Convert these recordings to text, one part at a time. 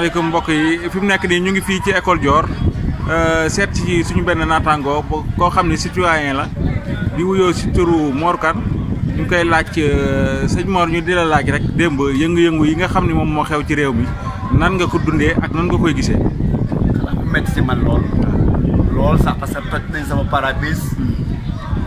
asalaamaaleykum mbokk yi fi nekk nii ñu ngi fii ci école Dior euh, seet ci suñu benn naataango koo xam ne citoyen la di wuyoo si turu Mor Kane ñu koy laaj euh, sëñ Mor ñu di la laaj rek démb yëngu-yëngu yi nga xam ne moom moo xew ci réew mi nan nga ko dundee ak nan nga koy gisee. man lool. lool sama parabis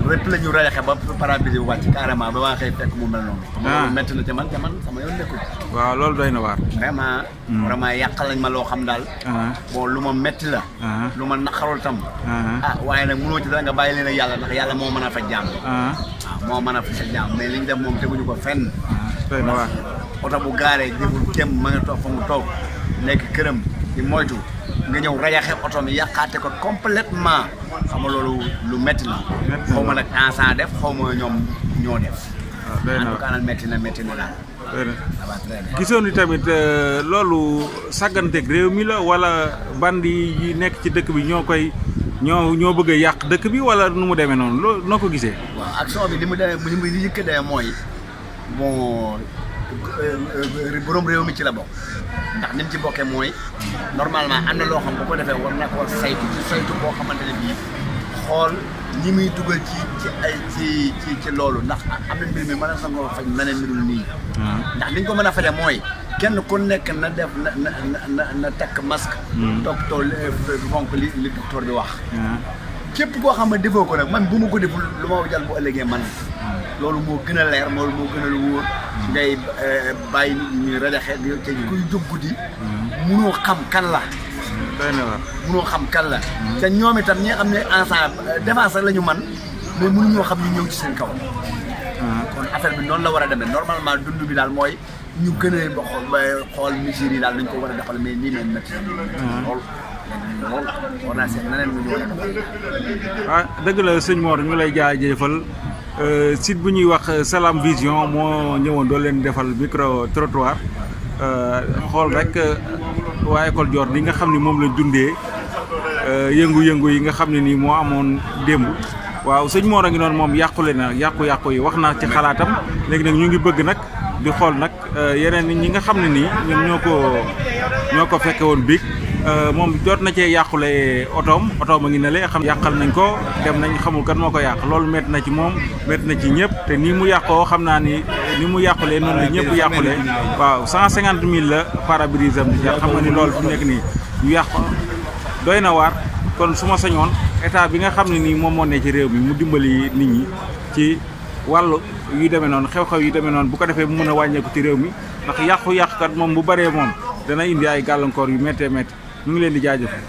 lépp la ñu rayaxe ba parabise bu wàcc carrément ba waa xëy mu mel noonu. waaw ah. métti na sama yoon nekkul. waaw loolu doy na waar. vraiment. Hmm. vraiment yàqal nañ ma loo xam daal. Ah. bon lu ma métti la. Ah. lu ma naqarul tam. ah waaye nag mënoo ci dara nga bàyyi leen ak yàlla ndax yàlla moo man a fa jaam. moo mën a fa jaam mais li ñu def moom teguñu ko fenn. doy na waar oto bu gaaree jëful dem ma nga toog fa mu toog nekk këram di moytu nga ñëw rayaxe oto mi yàqaate ko complètement xam nga loolu lu metti la. xaw ma nag instant def xaw ma ñoo def. Ah, en nag métti na métti na daal. gisoon ni tamit euh, loolu sàgganteeg réew mi la wala bandi yi nekk ci dëkk bi ñoo koy ñoo ñoo bëgg a yàq dëkk bi wala nu mu demee noonu loolu noo ko gisee. waaw action bi li mu demee li mu yëkkatee mooy Euh, euh, borom réew mi ci la bokk ndax ni mu ci bokkee mooy normalement am na loo xam bu ko defee war na ko saytu ci saytu boo xamante ne bii xool ñi muy dugal ci ci ay ci ci ci loolu ndax am na mbir mi mën a sa ngoo faj leneen mbirul nii hmm. ndax li ko mën a faje mooy kenn ku nekk na def na na na na takk masque hmm. docteur euh, fonk li li docteur bi wax hmm. képp koo xam ne defoo ko nag man bu ma ko deful lu ma jàll bu ëllëgee man loolu moo gën leer loolu moo gën lu wóor ngay eh, bàyyi nit ñi rajaxe te kuy jóg guddi munoo xam kan la munoo xam kan la te ñoom itam ñi nga xam ne ensemble eh, défense la ñu man mais mënuñoo xam ñu ñëw ci seen kaw mm-hmm. kon affaire bi noonu la war a demee normalement dund bi daal mooy ñu gën a xool mesures yi daal nañ ko war a defal mais nii mel na ci loolu loolu a defal ah dëgg la sëñ Mor ñu lay jaajëfal Euh, sit bu ñuy wax euh, Salam Vision moo ñëwoon doo leen defal micro trottoir euh, xool rek waa école Dior li nga xam ni moom la dundee yëngu-yëngu yi nga xam ne nii moo amoon démb waaw sëñ moo a ngi noonu moom yàqule na yàqu-yàqu yi wax naa ci xalaatam léegi nag ñu ngi bëgg nag di xool nag yeneen ñi nga xam ne nii ñoom ñoo ko ñoo ko fekkewoon woon biig Euh, moom jot na cee yàqule otoom otoom a ngi ne lee xam yàqal nañ ko dem nañ xamul kat moo ko yàq loolu métti na ci moom met na ci ñëpp te nii mu yàqoo xam naa ni ni mu yàqulee noonu la ñëpp yàqulee waaw cent cinquante mille la pare-brise am di xam nga nekk nii ñu yàq doy na waar kon su ma sañoon état bi nga xam ne nii moom moo ne ci réew mi mu dimbali nit ñi ci wàll yu demee noonu xew-xew yu demee noonu bu ko defee mu mën a wàññeeku ci réew mi ndax yàqu-yàqkat moom bu baree moom dana indi ay gàllankoor yu méttee métti ñu ngi leen di jaajëfal